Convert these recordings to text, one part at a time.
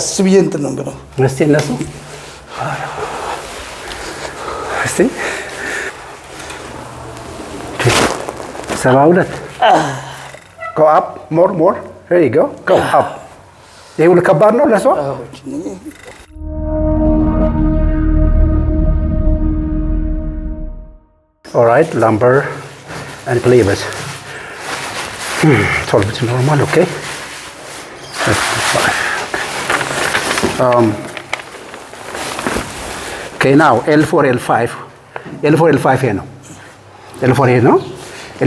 Siguiente número. ¿No es Go up, more, more. There you go. Go up. All right, lumber, and play and Hmm, it's normal, okay? Um, okay, now L4, L5 L4 L5 ነው። L4 ይሄ ነው።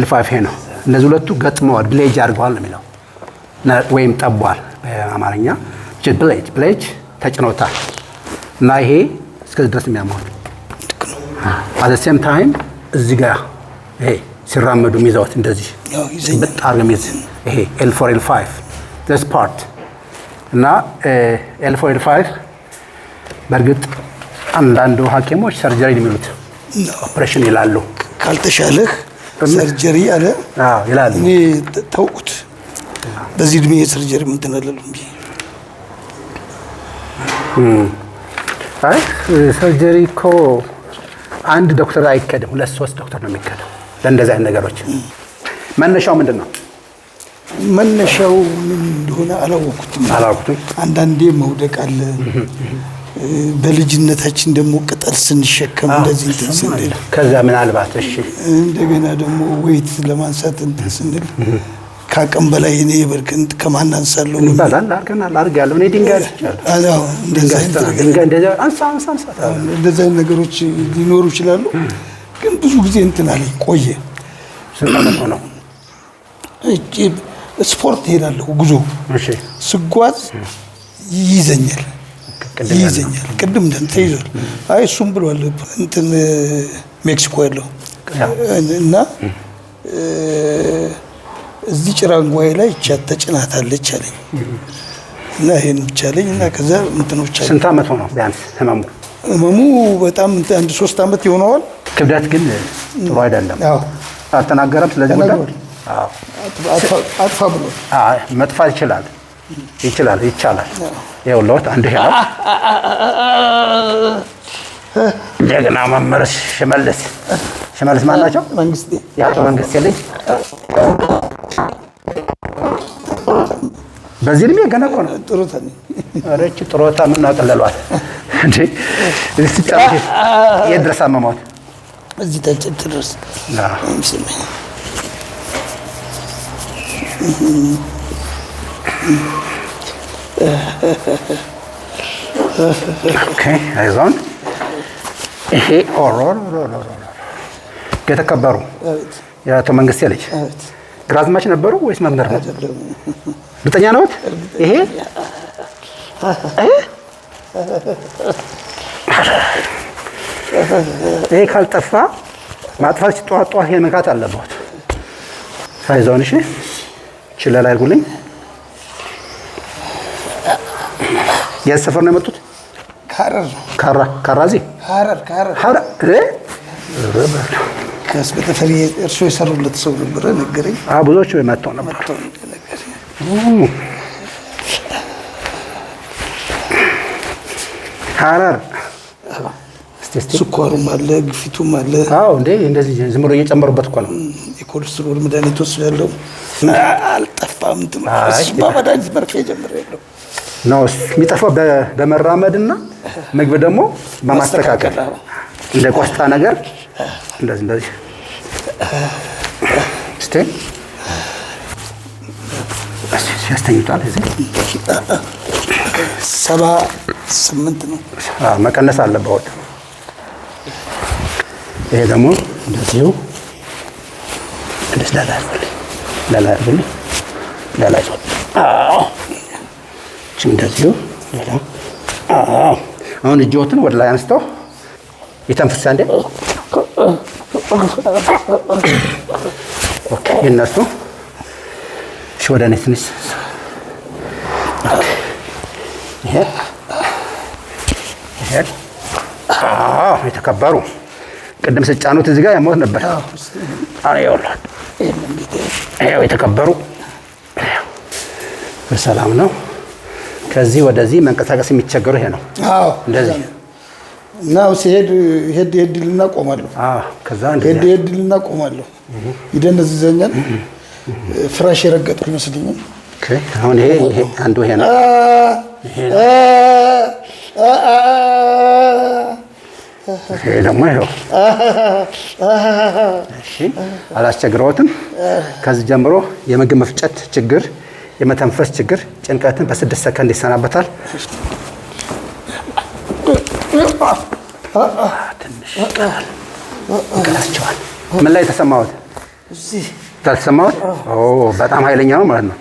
L5 ይሄ ነው። እነዚህ ሁለቱ ገጥመዋል፣ ብሌጅ አድርገዋል ነው የሚለው ወይም ጠቧል በአማርኛ ብሌጅ ብሌጅ ተጭኖታል እና ይሄ እስከዚህ ድረስ የሚያመሆን አት ሴም ታይም እዚህ ጋር ይሄ ሲራመዱ ሚዛዎት እንደዚህ በጣም ሚዝ ይሄ ኤል ፎር ኤል ፓርት እና ኤልፎይድ ፋይቭ በእርግጥ አንዳንዱ ሐኪሞች ሰርጀሪ የሚሉት ኦፕሬሽን ይላሉ። ካልተሻለህ ሰርጀሪ አለ ይላሉ። እኔ ታውቁት በዚህ እድሜ የሰርጀሪ ምን ትናለሉ እንጂ አይ ሰርጀሪ እኮ አንድ ዶክተር አይከድም። ሁለት ሶስት ዶክተር ነው የሚከደው ለእንደዚህ አይነት ነገሮች። መነሻው ምንድን ነው? መነሻው ምን እንደሆነ አላወኩትም አንዳንዴ መውደቅ አለ። በልጅነታችን ደግሞ ቅጠል ስንሸከም እንደዚህ እንትን ስንል ከዛ ምናልባት እሺ፣ እንደገና ደግሞ ወይት ለማንሳት እንትን ስንል ከአቅም በላይ እኔ በርክን ከማን አንሳለሁ ይባላል። ነገሮች ሊኖሩ ይችላሉ። ግን ብዙ ጊዜ እንትን አለኝ ቆየ ነው ስፖርት ሄዳለሁ። ጉዞ ስጓዝ ይይዘኛል ይይዘኛል። ቅድም እንደ ተይዟል። አይ እሱም ብሏል እንትን ሜክሲኮ ያለው እና እዚህ ጭራንጓይ ላይ ይቻት ተጭናታለች አለኝ እና ይሄን ብቻለኝ እና ከዛ እንትኖች ስንት ዓመት ሆነ ቢያንስ ህመሙ ህመሙ በጣም አንድ ሶስት ዓመት ይሆነዋል። ክብደት ግን ጥሩ አይደለም። አልተናገረም ስለዚህ ጉዳይ አጥፋ ብሎ መጥፋት ይችላል ይችላል ይቻላል። ይኸውልዎት አንድ መምህር ሽመልስ ሽመልስ ማን ናቸው? የአቶ መንግስቴ ልጅ በዚህ እድሜ ገና እኮ ነው። ጥሮታ ምን አመሟት እዚህ አይዞን። ይሄ የተከበሩ የአቶ መንግስቴ ልጅ ግራዝማች ነበሩ ወይስ መምህር ነው? እርግጠኛ ነዎት? ይሄ ይሄ ካልጠፋ ማጥፋት ሲጠዋት ጠዋት መንካት አለበት። አይዞን። እሺ ችለላ ያልኩልኝ የት ሰፈር ነው የመጡት? በተፈሪ እርሾ የሰሩለት ሰው ነበረ ነገረኝ። ብዙዎቹ መጥተው ነበር። ሀረር ስኳሩም አለ ግፊቱም አለ። አዎ እንዴ እንደዚህ ዝም ብሎ እየጨመሩበት እኮ ነው። የኮሌስትሮል መድኃኒት ወስድ ያለው አልጠፋም። በመድኃኒት መርፌ ነው የሚጠፋው በመራመድና ምግብ ደግሞ በማስተካከል እንደ ቆስጣ ነገር እንደዚህ እንደዚህ ያስተኝቷል ሰባ ስምንት ነው መቀነስ አለበት። ይሄ ደግሞ እንደዚሁ እንደዚህ ላላ አድርግልኝ፣ ላላ አድርግልኝ፣ ላላ ይዟል። እንደዚሁ አሁን እጅዎትን ወደ ላይ አንስተው የተንፍሳ እንደ ኦኬ፣ ወደ እኔ ትንሽ ይሄ ይሄ የተከበሩ ቅድም ስጫኑት እዚህ ጋር ያሞት ነበር። አሁን የተከበሩ በሰላም ነው። ከዚህ ወደዚህ መንቀሳቀስ የሚቸገሩ ይሄ ነው። አዎ እንደዚህ እና ሲሄድ ሄድ ሄድ ልና ቆማለሁ። አዎ ከዛ ሄድ ሄድ ልና ቆማለሁ። ይደነዝዘኛል። ፍራሽ የረገጥኩ ይመስልኛል። ኦኬ አሁን ይሄ አንዱ ይሄ ነው። ይሄ ደግሞ ይኸው አላስቸግረዎትም። ከዚህ ጀምሮ የምግብ መፍጨት ችግር፣ የመተንፈስ ችግር፣ ጭንቀትን በስድስት ሰከንድ ይሰናበታል። ይቀላቸዋል። ምን ላይ የተሰማዎት? ታልተሰማዎት? በጣም ኃይለኛ ነው ማለት ነው።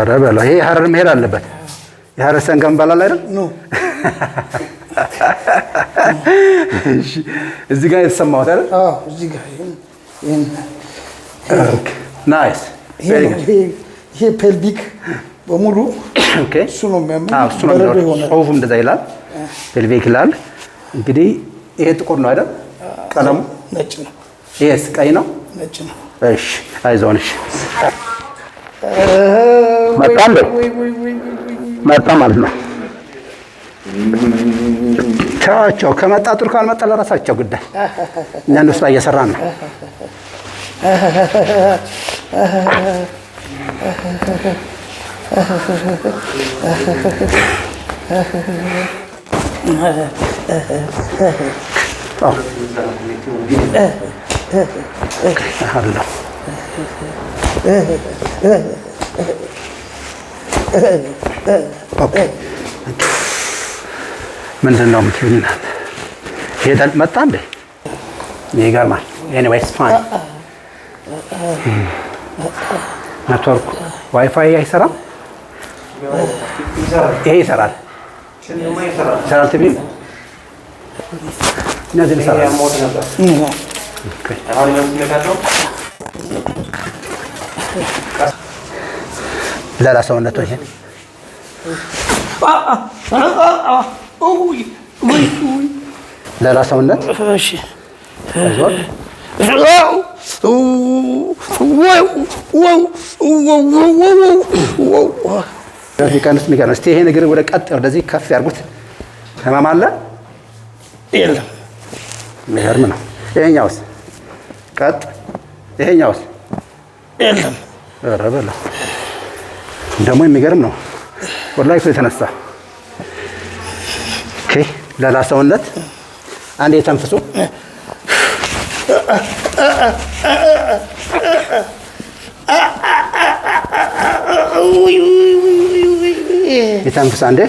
ኧረ በለው። ይሄ ሀረር መሄድ አለበት። የሀረር ሰንጋ እንበላለን አይደል? እዚህ ጋር የተሰማሁት አይደል? አዎ፣ እዚህ ይሄ ፔልቪክ በሙሉ እሱ ነው የሚያመው። ጽሑፉም እንደዛ ይላል፣ ፔልቪክ ይላል። እንግዲህ ይሄ ጥቁር ነው አይደል? ቀለሙ ነጭ ነው። ይሄስ ቀይ ነው፣ ነጭ ነው። እሺ፣ አይዞን። እሺ፣ መጣ ማለት ነው ቻቸው ከመጣ ጡር ካልመጣ ለራሳቸው ጉዳይ፣ እኛ እነሱ ስራ እየሰራን ነው። ምንድን ነው የምትይኝ ይላል። ሄደን መጣ እንዴ? ይገርማል። ኤኒዌይስ ፋን ኔትወርክ ዋይፋይ አይሰራም። ይሄ ይሰራል። ይሰራል ቲቪ እነዚህ ይሰራል። ለላ ሰውነቶ ይሄን ለላ ሰውነት ሚቀንስ ሚቀንስ። እስኪ ይሄን እግር ወደ ቀጥ ወደዚህ ከፍ ያድርጉት። ህመም አለ የለም? የሚገርም ነው። ይሄኛውስ ቀጥ፣ ይሄኛውስ የለም። ኧረ በለው ደግሞ የሚገርም ነው ወላሂ እኮ የተነሳ እስኪ ለላ ሰውነት አንዴ ተንፍሱ። የተንፍሱ አንዴ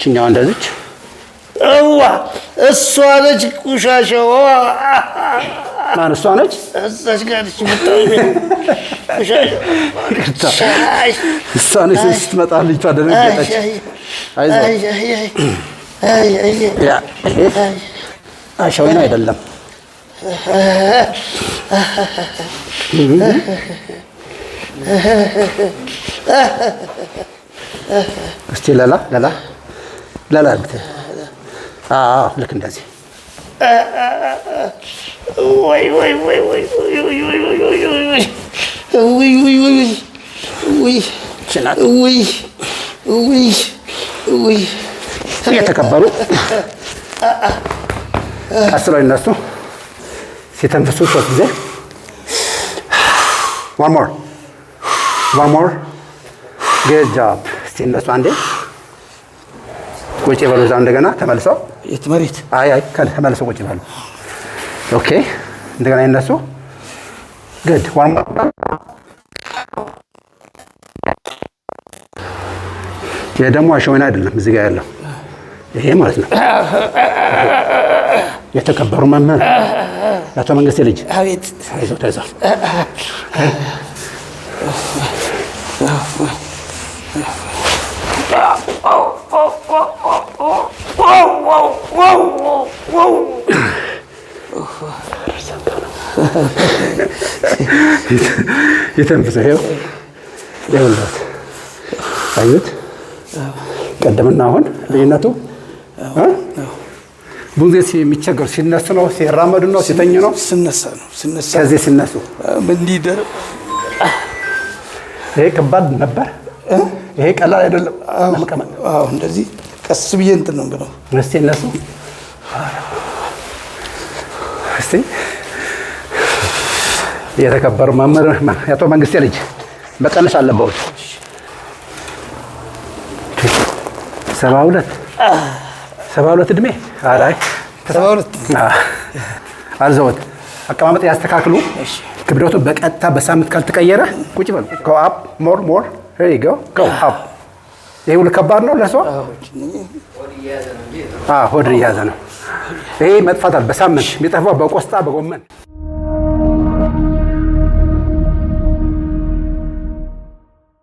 ችኛዋ እንደዚች እሷ ነች ቁሻሻዋ ማን እሷ ነች? እዛች ጋር እሷ ነች ስትመጣ ልጅቷ ደረገጠች። አሸወይን አይደለም እስቲ ለላ ለላ ለላ ልክ እንደዚህ እየተከበሩ ቀስ ብለው ይነሱ። ሲተንፍሱ ሶስት ጊዜ ዋን ሞር ዋን ሞር ጉድ ጆብ። እስቲ አንዴ ቁጭ በሉ። እዛው እንደገና ተመልሰው መሬት? ተመልሰው ቁጭ በሉ። ኦኬ እንደገና ይነሱ። ግድ ዋን ይሄ ደግሞ አሸወና አይደለም፣ እዚህ ጋር ያለው ይሄ ማለት ነው። የተከበሩ መምህር የአቶ መንግስቴ ልጅ አቤት። አይዞህ አይዞህ። የተንፍሰው ይኸውልህ፣ አየሁት ቀደምና አሁን ልዩነቱ ብዙ ጊዜ የሚቸገሩ ሲነሱ ነው፣ ሲራመዱ ነው፣ ሲተኙ ነው፣ ሲነሳ ነው። ከዚህ ሲነሱ ይሄ ከባድ ነበር። ይሄ ቀላል አይደለም። አዎ፣ እንደዚህ ቀስ ብዬ እንትን ነው። እስኪ እነሱ እስቲ የተከበሩ መምህር አቶ መንግስቴ ልጅ መቀነስ አለበት። ሰባ ሁለት ሰባ ሁለት እድሜ አላይ አልዘወት አቀማመጥ ያስተካክሉ። ክብደቱ በቀጥታ በሳምንት ካልተቀየረ ቁጭ በል። አፕ ሞር ሞር ይህ ሁሉ ከባድ ነው ለእሷ ሆድ እየያዘ ነው። ይሄ መጥፋታል። በሳምንት የሚጠፋው በቆስጣ በጎመን